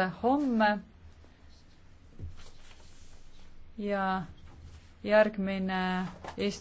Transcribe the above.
hääletamiselt homme. ja järgmine Eesti